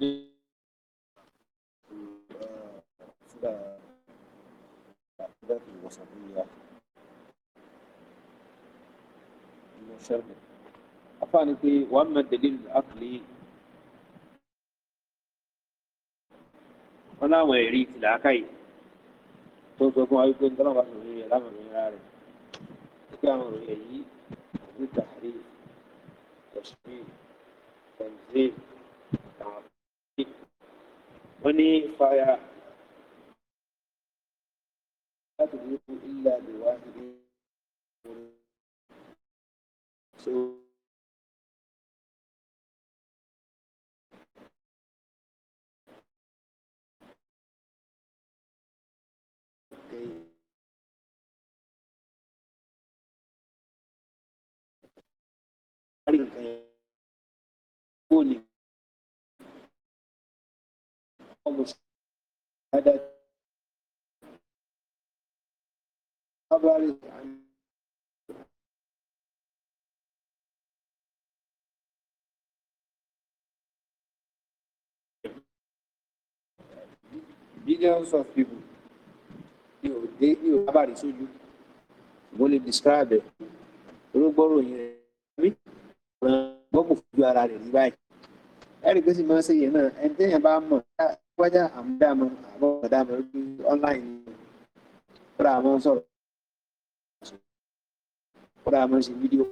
الأحداث الوسطية المشرد أفاني في وأما الدليل العقلي wọ́n láwọn ẹ̀rí ti làákàyè tó sọ fún ayé pé ń tọ́lọ́mà lórí ẹ̀ láwọn ìròyìn ara rẹ̀ kí àwọn ìròyìn yìí ní tàrí ẹ̀ṣin ẹ̀ǹdé àwọn wọ́n ní fàyà láti ní ilẹ̀ àdìwá ní orí. Thank you. مشاهدة خبره عن billions of people ní òde ní òbábàrí sójú mo lè describe ẹ orógbòrò yẹn mi ràn gbọ́gbò fojú ara rẹ̀ rí báyìí ẹ̀rí pé máa ń ṣe yẹn náà ẹni téèyàn bá mọ̀ wájà àmúdàmọ àmọ́ ọ̀dàmọ lórí online kódà àmọ́ sọ̀rọ̀ kódà àmọ́ ṣe fídíò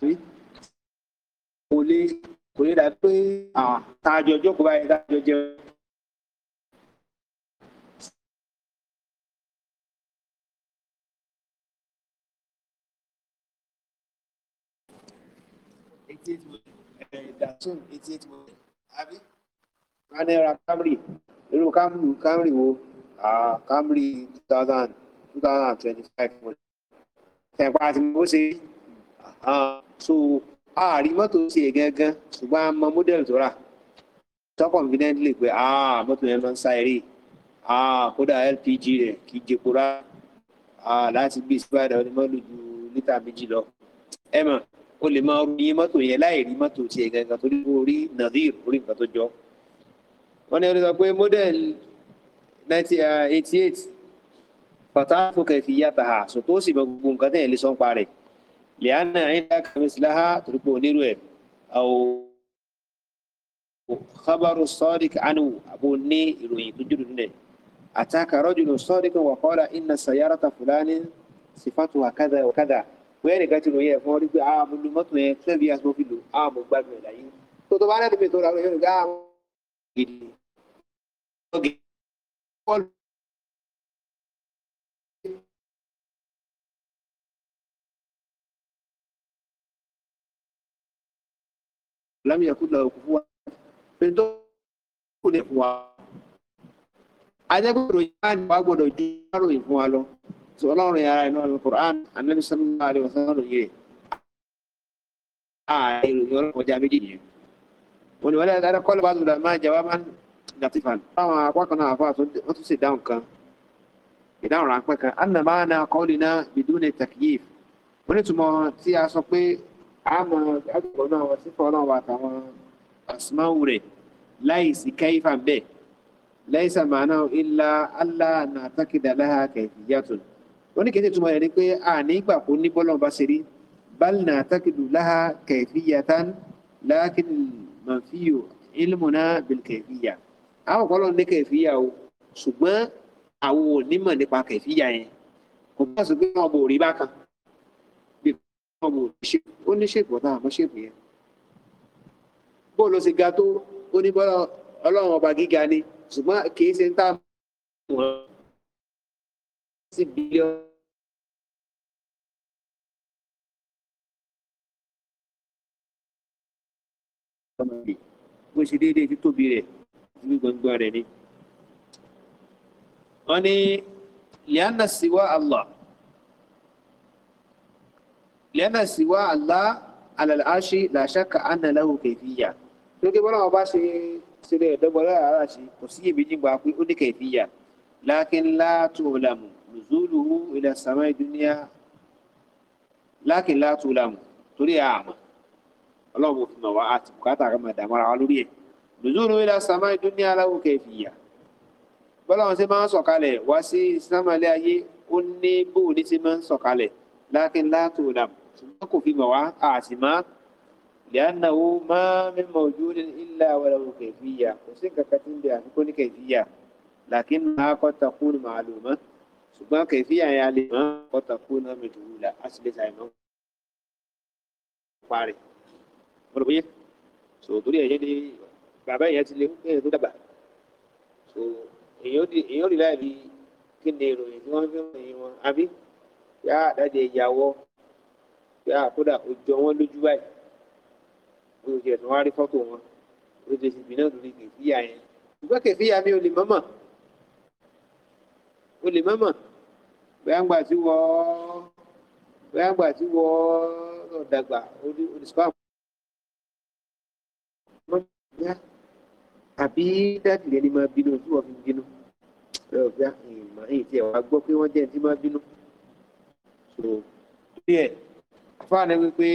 rí kò lè kò lè dà pé àtàjọ jókòó báyìí tájọ jẹun. eighty eight million. Uh, eh, that's eighty eight million. Abi a naira camry irú camry camry wo camry two thousand two thousand twenty five ẹ̀pá àti mo ṣe so ààrí mọ́tò ṣe gangan ṣùgbọ́n a mọ mọ́dẹ̀lì tó rà tó confidently pé mọ́tò yẹn máa ń sá eré kódà LPG rẹ̀ kì í jepo rárá láti gbé síbàdàn onímọ̀lù ju lítà méjì lọ ẹ mọ̀ o lè máa ru iye mọ́tò yẹn láì rí mọ́tò tiẹ̀ gangan torí o rí nadir orí nǹkan tó jọ wọ́n ní ẹni sọ pé model nineteen uh, eighty eight fatafu kayfiyataha sòtó sì bẹ gbogbo nǹkan tẹ̀yìn lè sọ ń parẹ̀ lẹ́yìn àyíká kàmísìláhà torípò onírú ẹ̀ àwọn khabaru sadiq anu àbò ní ìròyìn tó jùlọ nílẹ̀ àtàkà rọ́jùlọ sadiq wà kọ́lá iná sayarata fúlání sifatu wàkàdà wàkàdà wọ́n yẹn nìkan ti ròyìn ẹ̀ fún pé àmọ́ ah, lu mọ́tò yẹn twelve years mo fi lò àmọ́ ah, gbàgbé ẹ̀ láyé tó tó bá rẹ̀ all lam yakun lahu kufuwan ẹni tó kù ní fún wa ajẹ́gbẹ̀rò yáà ní wa gbọ́dọ̀ ju márùn-ún fún wa lọ sọ ọlọ́run ara ẹ̀ náà ní Qur'an anabi sallallahu alaihi wasallam lòye rẹ̀ ààrẹ ìròyìn ọlọ́run ọjà méjì yẹn wọn ni wọn lẹ́yìn tó kọ́ lọ́ba tó dà máa jẹ́ wá máa latifan táwọn apákan náà àfa wọ́n tún sì dáhùn kan ìdáhùn ráńpẹ́ kan anna máa na kọ́ọ̀lì náà bidúni takyif onítùmọ̀ tí a sọ pé a mọ agbègbè náà wọ́n sífọ́ náà wà táwọn àsùnmáwò rẹ̀ láìsí káyífà bẹ́ẹ̀ láìsà màánà ilà allah na takida láha kayfiyatun oníkejì túmọ̀ rẹ̀ ni pé a ní ìgbà kó ní bọ́lọ̀ bá ṣe bal na takidu láha kayfiyatan lakin manfiyu ilmuna bil kayfiya àwọn kan lọ́n ní kẹfìyà o ṣùgbọ́n àwọn ò nímọ̀ nípa kẹfìyà yẹn kò bá sọ pé wọn bò rí bákan bí wọn bò ṣe ó ní ṣèpọ̀ náà àmọ́ ṣèpọ̀ yẹn bó ló ṣe ga tó ó ní bọ́lá ọlọ́run ọba gíga ni ṣùgbọ́n kìí ṣe ń tà wọ́n sí bílíọ̀nù. bó ṣe déédéé títóbi rẹ̀ ibi gbangba rẹ̀ ni. wọ́n ní liana siwa allah liana siwa allah alàlàáṣí làṣàkà ànàláwò kẹfìyà lókè bọ́lá wọn bá ṣe sílẹ̀ ìdọ́gbọ́n lára ara ṣe kò sí iyèméjì gbà pé ó ní kẹfìyà lákin látò làmù nùzúlùú ilẹ̀ sàmà ìdúníà lákin látò làmù torí àmà ọlọ́run fi mọ̀ wá àti bùkátà àkàmọ̀ ìdààmú wa lórí ẹ̀ nùzúrù ilà sàmà ìdúnyà aláwò kẹfìyà bọ́lá wọn ṣe máa ń sọ̀kalẹ̀ wá sí sàmàlẹ́ ayé ó ní bó ní ṣe máa ń sọ̀kalẹ̀ lákin látò dàm ṣùgbọ́n kò fi mọ̀ wá àti má lẹ́yìnáwó máa mi mọ̀ ojú ilà aláwò kẹfìyà kò sí nǹkan kan tí ń bẹ àfikún ní kẹfìyà lákin máa kọ́ takún màálùmọ́ ṣùgbọ́n kẹfìyà yẹn lè máa kọ́ takún náà mi dùn wùlà á sì lè ṣàìmọ́ parí. Mo rò bóyá sòtúrí ẹ̀yẹ́ ní bàbá yẹn ti lé kéèyàn tó dàgbà so èyàn di èyàn rí láì rí kí ni ìròyìn tí wọ́n fi hàn yín wọn àbí yá àdájẹ ìyàwó yá àkódà òjò wọn lójú báyìí bí o jẹ tí wọ́n á rí fọ́tò wọn o jẹ sì bínú lórí kẹfíyà yẹn ṣùgbọ́n kẹfíyà mi ò lè mọ́mọ́ o lè mọ́mọ́ bẹ́ẹ̀ ń gbà tí wọ́ọ́ bẹ́ẹ̀ gbà tí wọ́ọ́ lọ dàgbà o ní o ní sọ́ọ̀mù. àbí dáàdì rẹ ni máa bínú tí wọ́n fi bínú ẹ bí àkìmọ̀ èyí tí ẹ wá gbọ́ pé wọ́n jẹ́ ẹni tí máa bínú. so bí ẹ afáàní wípé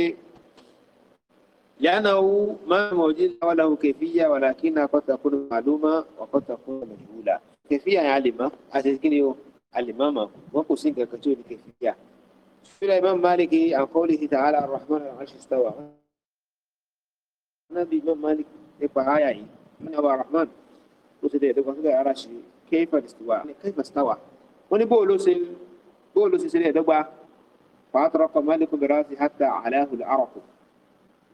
yánnàwó máa mọ̀ ojú láwọn làwọn kẹfíyà wà lákì náà kọ́ta kúrò màlúmọ́ ọ̀kọ́ta kúrò màlúwùlà kẹfíyà yẹn àlèmọ́ àti kí ni o àlèmọ́ mọ̀ wọ́n kò sí nǹkan kan tí ò ní kẹfíyà. sọ́dọ̀ imam malik an qawlihi ta'ala arrahman rahman ṣe sọ́wọ́. anábì imam malik nípa àyà yìí wọn ni àwọn Rahman ó ṣe déédéé kan sílẹ̀ ara ṣe kéfà ìsìwà kéfà ìsìtàwà wọn ni bóòlù ṣe bóòlù ṣe ṣẹlẹ̀ ẹ̀dọ́gba fàátọ́rọ́kọ málìkù bẹ̀rẹ̀ àti hàtà àlàáhùn àrọ̀kù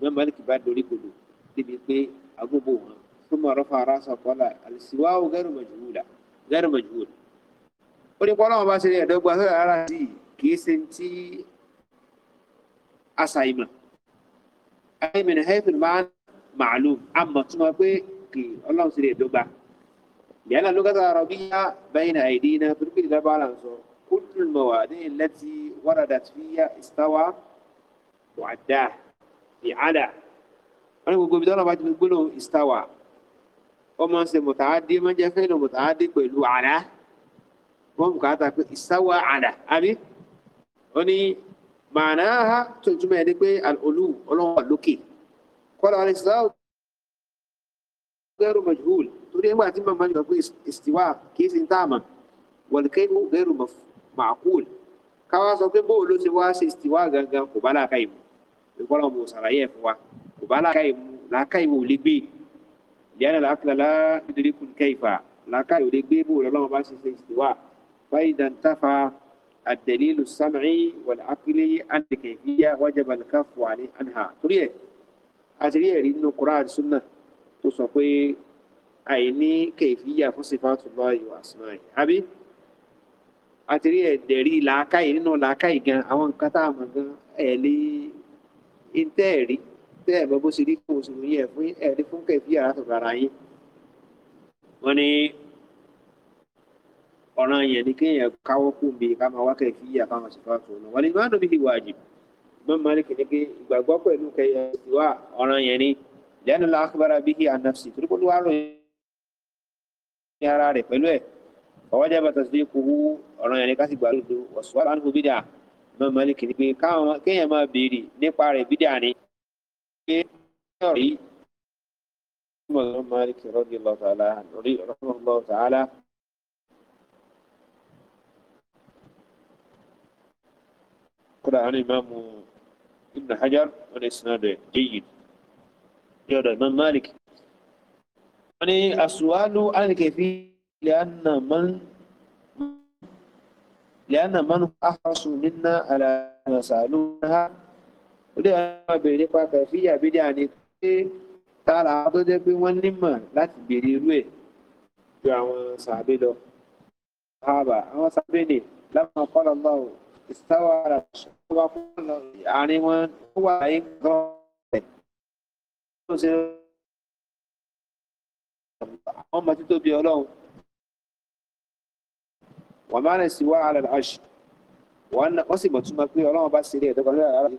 wọn málìkù bá dorí kodò débi pé agbóbó wọn fún mọ̀rọ̀ fara sọ̀kọ́lá àlìsíwá ó gẹ́rù mọ̀júwùlà gẹ́rù mọ̀júwùlà ó ní pọ́nlọ́wọ́n bá ṣẹlẹ̀ ẹ̀dọ́gba sílẹ̀ ara ṣe kìí ṣe ti òkè ọlọ́run sì lè dọ́gba ìyáná ló kẹta ọ̀rọ̀ bíyá bẹ́yìn náà èdè iná torí pé ìdábàá là ń sọ kúndùn mọ̀wá ní ìlẹ́tì wàdàdà fíyà ìsítáwá wàdà ìhádà wọn ní gbogbo ibi tọ́lọ́ bá ti fi gbólóhùn ìsítáwá ọmọ ṣe mùtàádé máa ń jẹ́ fẹ́ẹ́ lọ mùtàádé pẹ̀lú àdá wọn bùkátà pé ìsáwá àdá àbí wọn ní màánáà tó túmọ̀ ẹ̀ pé olú ọlọ́wọ́ lókè kọ́lá alẹ́ sọ́ọ́ غير مجهول تقول ما هتم من استواء كيس انتاما والكيف غير مف... معقول كوا سوكين بو لو سوا استواء غانغا كوبالا كايم يقول مو سرايه فوا كوبالا كايم لا كايم لبي لأن الأكل لا يدرك كيف لا كايم لبي بو لو ما بس استواء فإذا انتفى الدليل السمعي والعقل أن كيفية وجب الكف عنها تريد أتريه لأنه قرآن سنة tó sọ pé àìní kẹfìyà fún sífàtù lọ́ọ̀yì àsùnà yìí àbí àti rí ẹ̀dẹ̀rí làákàyè nínú làákàyè gan àwọn nǹkan tá a mọ̀ gan ẹ̀ lé ntẹ́ ẹ̀rí tẹ́ ẹ̀ bọ́ bó ṣe rí kó o sì lóye ẹ̀ fún ẹ̀rí fún kẹfìyà látọ̀dọ̀ ara yín wọ́n ní ọ̀ràn yẹn ni kéèyàn káwọ́ kú mi ká máa wá kẹfìyà ká máa sífàtù lọ wọ́n ní má dùn bí ìwà àjì mọ́ malik ní pé ìgbàgbọ́ pẹ̀lú kẹyà ni lẹ́nu la akbara bihi an nafsi torí pé olúwa ròyìn ara rẹ̀ pẹ̀lú ẹ̀ ọwọ́ jẹ́ bàtà sí kú ọ̀ràn yẹn ní ká sì gbà lódo wọ̀sùwà lánàá fún bídà mọ́ mọ́lìkì ni pé kéèyàn máa béèrè nípa rẹ̀ bídà ni pé ọ̀rọ̀ yìí mọ̀ mọ́lìkì rọ́dí lọ́tàlá rí rọ́dí lọ́tàlá. kódà àwọn ìmáàmù Ibn Hajar wọn lè sinadọ̀ jẹ́yìn ní ọ̀dọ̀ Imam Malik wọ́n ní àsùwálù alìkẹ̀fí lẹ́ànà mọ́nù àfàṣù nínà àlàsàlù náà ó dẹ̀ wọ́n bèèrè nípa kẹfí àbídí àní pé tára tó jẹ́ pé wọ́n nímọ̀ láti bèèrè irú ẹ̀ ju àwọn sàbẹ̀ lọ sahaba àwọn sàbẹ̀ ni lámà kọ́lọ́lọ́ ìsáwà àrà ṣọ́wọ́ àárín wọn ó wà láyé gan-an ṣe àwọn ọmọ títóbi ọlọ́run wọ́n máa ń sì wá àlàlà àṣù wọ́n sì mọ̀ túmọ̀ pé ọlọ́run bá ṣe ilé ẹ̀dọ́gbọ̀n lórí ara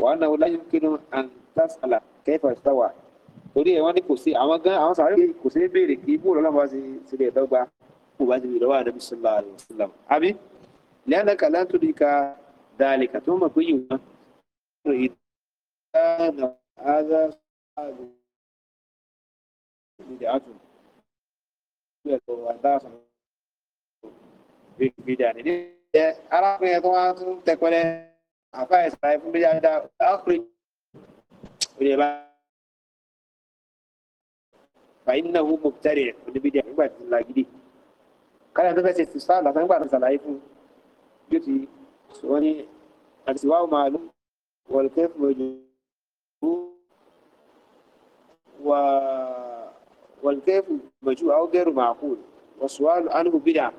wọ́n náà láyé kínú àǹtàṣàlà kẹfà ìtawà torí ẹ̀ wọ́n ní kò sí àwọn gan àwọn sàárè kò sí béèrè kí bóòlù ọlọ́run bá ṣe ilé ẹ̀dọ́gba kò bá ti bèèrè lọ́wọ́ àdàbí sọlá àlùsílám àbí lẹ́yìn náà kàlá tó di ka dàlíkà tó mọ̀ pé yìí wọ́n bid'atun ya to ada san bid'a ni de ara ko ya to wa tun te ko le afa israi fun bid'a da akhri ni ba fa ni bid'a ba ti la gidi kala to fese ti sala san ba sala ifu yuti والكيف مجوع أو غير معقول والسؤال عنه بدعة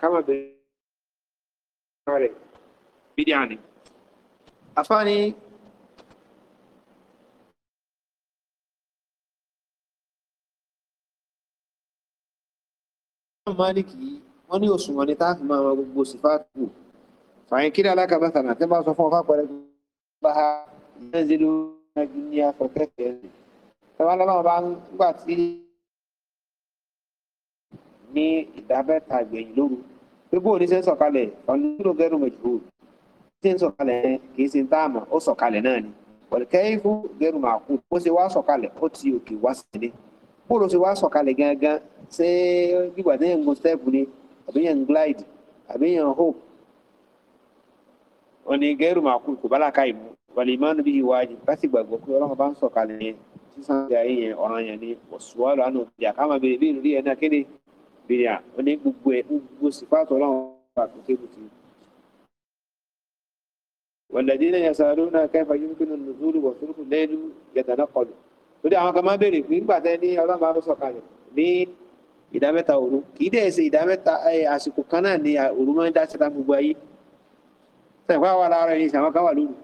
كما بدعة يعني أفاني máàlìkì yìí wọ́n ní òṣùwọ̀n ní táàfì máa ma gbogbo sífáàtù fàyín kí ni alákàbàtà náà tẹ́ bá sọ fún ọ fápẹ́rẹ́ bá a yẹn ń ṣe lórí ẹgbẹ́ ní afọ̀kẹ́kẹ́ rẹ̀ tẹ́wọ́n lọ́wọ́ bá ń gbà tí ní ìdábẹ́ta ìgbẹ̀yìn lóru pé bóun ṣe ń sọ̀kalẹ̀ ọ̀nìyàn gẹ́rù mẹ̀jùbù ṣe ń sọ̀kalẹ̀ kì í ṣe ń táàmù ó sọ̀kalẹ̀ náà ni pọ̀lìkẹ́yìn gẹ́rù ṣe wá sọ̀kalẹ̀ ó ti òkè wá ló ṣe wá sọ̀kalẹ̀ gangan ṣé gbígbà tí yẹn ń gun ni àbí yẹn ń glide àbí yẹn ń hope gẹ́rù kò bá làkà ìmú gbàgbọ́ pé ọlọ́run bá ń sọ̀kalẹ̀ yẹn sísan yẹn ọ̀ràn yẹn ni òbí bìrìà ó ní gbogbo ẹ gbogbo sípàtọ Ọlọ́run wà tó kébù tì í. wàlẹ́dínlẹ̀ yẹn sáré náà kẹfà yóò kí nínú zúlù wọ̀ sórùkù lẹ́nu yẹ̀dánà kọlù lórí àwọn kan máa ń béèrè pé nígbà tẹ ní Ọlọ́run máa ń sọ̀kalẹ̀ ní ìdámẹ́ta òru kì í dẹ̀ ṣe ìdámẹ́ta àsìkò kan náà ni òru máa ń dá síta gbogbo ayé sẹ̀kọ́ àwọn ará ẹni sàwọn kan wà lóru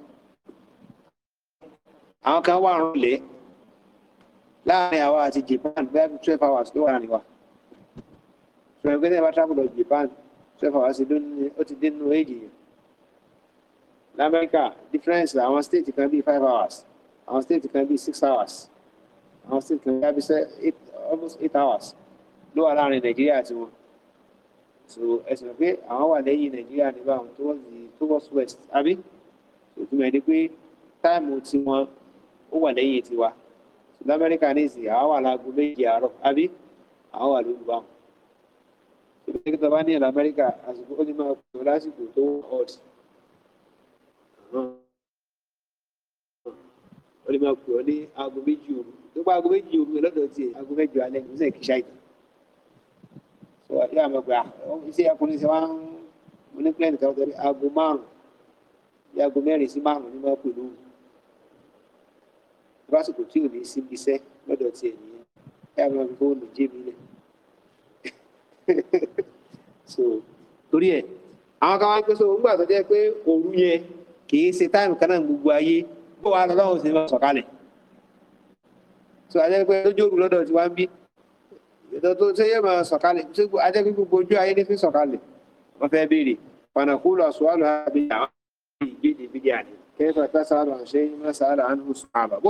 àwọn kan wà rúnlẹ̀ láàrin àwa àti Japan bẹ́ẹ̀ twelve hours ló wà ní wa pẹ̀lú pé tẹ́lẹ̀ bá travel lọ Japan twelve hours ló ní ó ti dé nínú éèdì yẹn lamẹ́ríkà difference àwọn state kan bíi five hours àwọn state kan bíi six hours àwọn state kan bíi eight almost eight hours ló wà láàrin nàìjíríà àti wọn so ẹsẹ̀ pé àwọn wà lẹ́yìn nàìjíríà nígbà wọn towards the towards west àbí ìtumọ̀ ẹni pé táìmù tiwọn ó wà lẹ́yìn tiwa lamẹ́ríkà ní ìsìn àwọn wà láago méje àárọ̀ àbí àwọn wà lóru báwọn dókítà bá ní ẹ̀rọ amẹ́ríkà àsìkò ó ní máa kú lásìkò tó ọ̀dì ó ní máa kú ọ ní aago méjì òru tó bá aago méjì òru lọ́dọ̀ tiẹ̀ aago mẹ́jọ alẹ́ ní sẹ́yìn kìí ṣáìtì sọ yà máa gbà iṣẹ́ akọni ṣe wá ń mo ní pílẹ̀ nìkan tó ní aago márùn-ún bí aago mẹ́rin sí márùn-ún ní máa kú lóhùn lásìkò tí ò ní sí iṣẹ́ lọ́dọ̀ tiẹ̀ nìyẹn yà máa fi fóònù jébìlẹ̀ so torí ẹ̀ àwọn kan wá pé so nígbà tó jẹ́ pé òru yẹn kì í ṣe táìmù kan náà gbogbo ayé bó wa lọ lọ́wọ́ sí ma sọ̀kalẹ̀ so ajẹ́ pé lójú òru lọ́dọ̀ tí wá ń bí ètò tó ṣe yẹ máa sọ̀kalẹ̀ tí ajẹ́ pé gbogbo ojú ayé ní fi sọ̀kalẹ̀ wọ́n fẹ́ béèrè ọ̀nà kú lọ sùn wà lọ́ àbí àwọn ìgbéde ìgbéde àdé kẹfà tá sáàlà ṣe má sáàlà àánú sàbà bó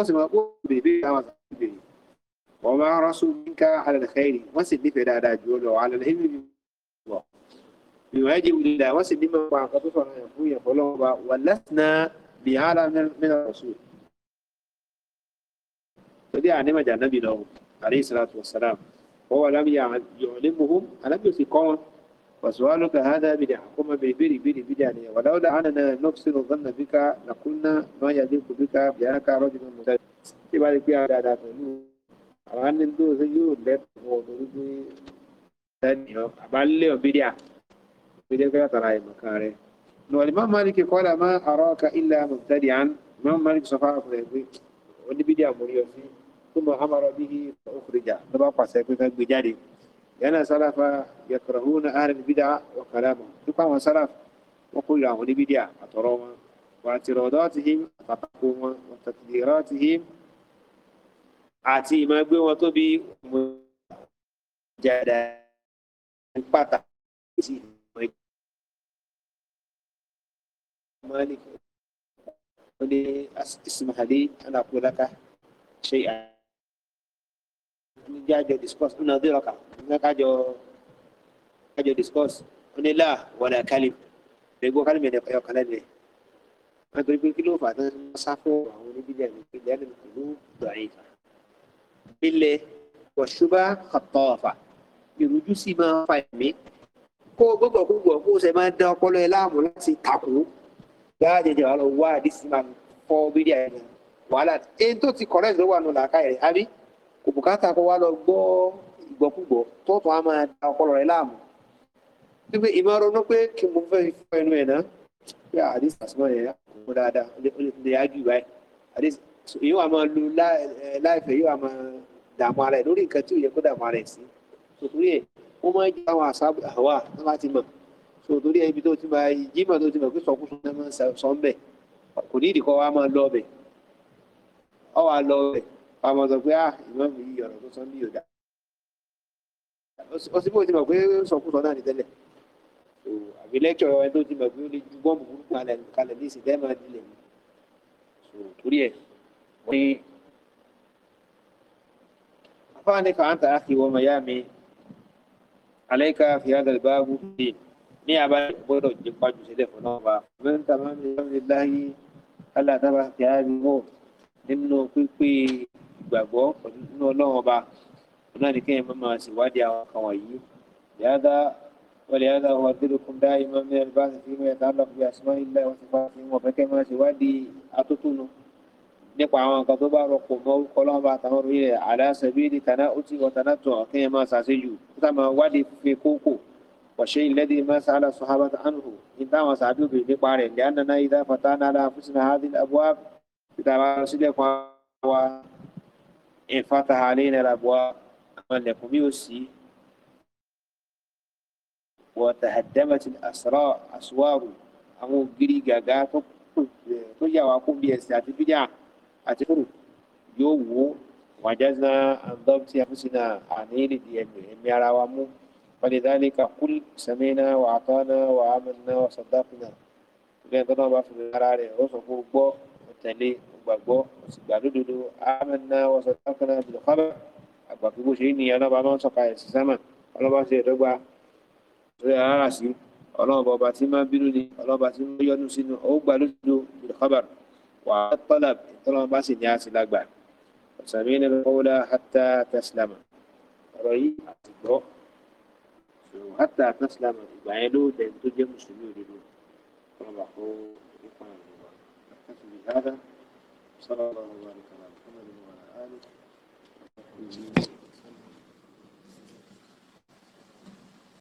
ìwádìí ìwúlẹ̀ wọ́n sì nímọ̀ pa nǹkan tó sọ̀rọ̀ yẹn fún ìyẹ̀fọ́ lọ́wọ́ bá wà lẹ́sìnà bí hàlà mẹ́ta rasul. torí ànímọ̀ jà nábì lọ́wọ́ alayhi salatu wa salam wọ́n wà lábì yọ̀ọ́lẹ́ muhum alábì òsì kọ́ wọn وسؤالك هذا بدع كما بيبري بري بدع ولولا أننا نفسر الظن بك لقلنا ما يليق بك بأنك رجل مدد تبالي بي على ذات àwọn ẹni tó ṣe yóò lẹ́kọ̀ọ́ lórí tó jẹ́ pé látara ìmọ̀ká rẹ̀ nùwàlímọ́ malik kọ́lá máa araka illa mubtadi'an mọ́ malik sọ fáwọn ọkùnrin pé oníbídìí àmúrí ọtí tó mọ amara bihi ukhrija ló bá pàṣẹ pé ká gbé jáde yánà sálàfà yakrahuna ahlal bid'ah wa kalamahum nípa àwọn sálàfà wọn kórìíra àwọn oníbídìí àtọ̀rọ̀ wọn واعتراضاتهم فتقوم وتقديراتهم àti ìmọ̀gbé wọn tó bí mọ̀jáda pàtàkì Malik ó ní ismail ali anakulaka ṣe àníjá jọ discuss ó náà dé ọkà nígbà kájọ kájọ discuss ó ní láà wàlẹ̀ kálím gbẹ̀gbọ́ kálím ẹ̀dẹ̀ ọ̀yọ̀ kan lẹ́nu ẹ̀ wọ́n torí pé kí ló fà á tán sá fún àwọn oníbílẹ̀ ní ìpínlẹ̀ ẹ̀dẹ̀ pẹ̀lú ìdọ̀rẹ́ ìfà ilẹ̀ wọ̀ṣúbà kọ̀tọ̀ọ̀fà ìrújú sì máa fa ẹ̀mí kó gbogbo gbogbo kó o jáàjẹjẹ wà lọ wá àdìsí máa fọ́ bídíà ẹ̀ wàhálà ẹni tó ti correct ló wà nù làákà rẹ̀ àbí kò bùkátà kó wá lọ gbọ́ ìgbọ́kúgbọ́ tó tún á máa da ọpọlọ rẹ̀ láàmú pípé ìmọ̀ ronú pé kí mo fẹ́ fi fọ́ ẹnu ẹ̀ náà pé àdìsí àsùnmọ̀ yẹn kò dáadáa ó lè yájú báyìí àdìsí èyí máa lu láìfẹ́ yóò wà máa dààmú ara ẹ̀ lórí nǹkan tí ò yẹ kó dààmú ara ẹ̀ sí tòkúrí ẹ̀ ó máa jẹ́ àwọn àṣà àwa tó bá ti mọ̀ so torí ibi tó ti máa jimá tó ti mọ̀ pé sọkúsọ náà máa ń sọ ń bẹ̀ kò ní ìdíkọ́ wa máa lọ bẹ̀ ọ wà lọ bẹ̀ wà máa sọ pé ah ìmọ̀ mi yí ọ̀rọ̀ tó sọ mí yóò dá ó sì bó ti mọ̀ pé sọkúsọ náà ní tẹ́lẹ̀ àbí lẹ́kṣọ̀ ẹ̀ tó ti mọ̀ pé ó lè ju bọ́ọ̀mù burúkú kalẹ̀ ní ìsìn dẹ́ẹ̀mà dilẹ̀ mi torí ẹ̀ wọ́n ní afáàní kan àǹtà àkìwọ́ mọ̀ yá mi àlẹ́kà fìyàgàlbá gbogbo ní abáyé gbọ́dọ̀ jẹ́ pàjù sílẹ̀ fún náà bá mẹ́ta máa ń bí wọ́n ti láyé aláàtàbà ti á rí wọ̀ nínú pípé ìgbàgbọ́ nínú ọlọ́run ọba náà ní kéèyàn máa máa ṣèwádìí àwọn kan wọ̀nyí yàtọ̀ wọlé yàtọ̀ wọn dúró kún dá ìmọ̀ mẹ́rin bá ti fi mẹ́rin tààlọ́ fi àṣìmọ́ ilẹ̀ wọn ti fa fi wọn fẹ́kẹ́ máa ṣèwádìí atótónu nípa àwọn nǹkan tó bá rọpò mọ́ orúkọ ọlọ́run bá tàwọn orí rẹ̀ àdáṣẹ́bí ní tàná ó ti wọ̀ tàná tó ọ̀kẹ́yẹn máa ṣàṣejù kó wàṣẹ ìlẹ́dí mẹ́sàálà sọ́hábàtà anhu ní táwọn sàádù bèrè nípa rẹ̀ ní ànàná ìdá fatana ala fúsìnà hadil abuwa ìtàbà sílẹ̀ kan wa ìfata àlẹ́ ìnira abuwa àwọn ilẹ̀kùn mi ò sí wọ́n tàhàdẹ́mẹ̀tì àsọ̀rọ̀ àsùwárù àwọn ògiri gàgà tó yà wá kún bí ẹ̀sìn àti bíjà àti fúrù yóò wò wàjẹ́ náà àǹdọ́m tí a fúsìnà àní ìrìndì ẹ̀mí ara wa mú. ولذلك قل سمعنا وأعطانا وآمنا وصدقنا ìgbẹ́ni tó náà bá fi ara rẹ̀ ó sọ fún gbọ́ òtẹ̀lé ògbàgbọ́ òsìgbà lódodo àmẹ́nà ọ̀sọ̀tàkùnà bìlọ̀kọ́bà àgbà gbogbo ṣe ní ọlọ́ba máa ń sọ̀ka ẹ̀sìn sámà ọlọ́ba ṣe ìdọ́gba rẹ̀ rárá sí ọlọ́ba ọba tí máa bínú ni ọlọ́ba tí máa yọnu sínú ó gbà lódodo bìlọ̀kọ́bà wà á tọ́lá tọ́lọ́ba bá sì ní àti lágbà ọ̀sàmì وحتى تسلم بعيلو دينتو جم مسلمين يريدون ربحوا الله نكتفي بهذا صلى الله عليه وسلم محمد وعلى آله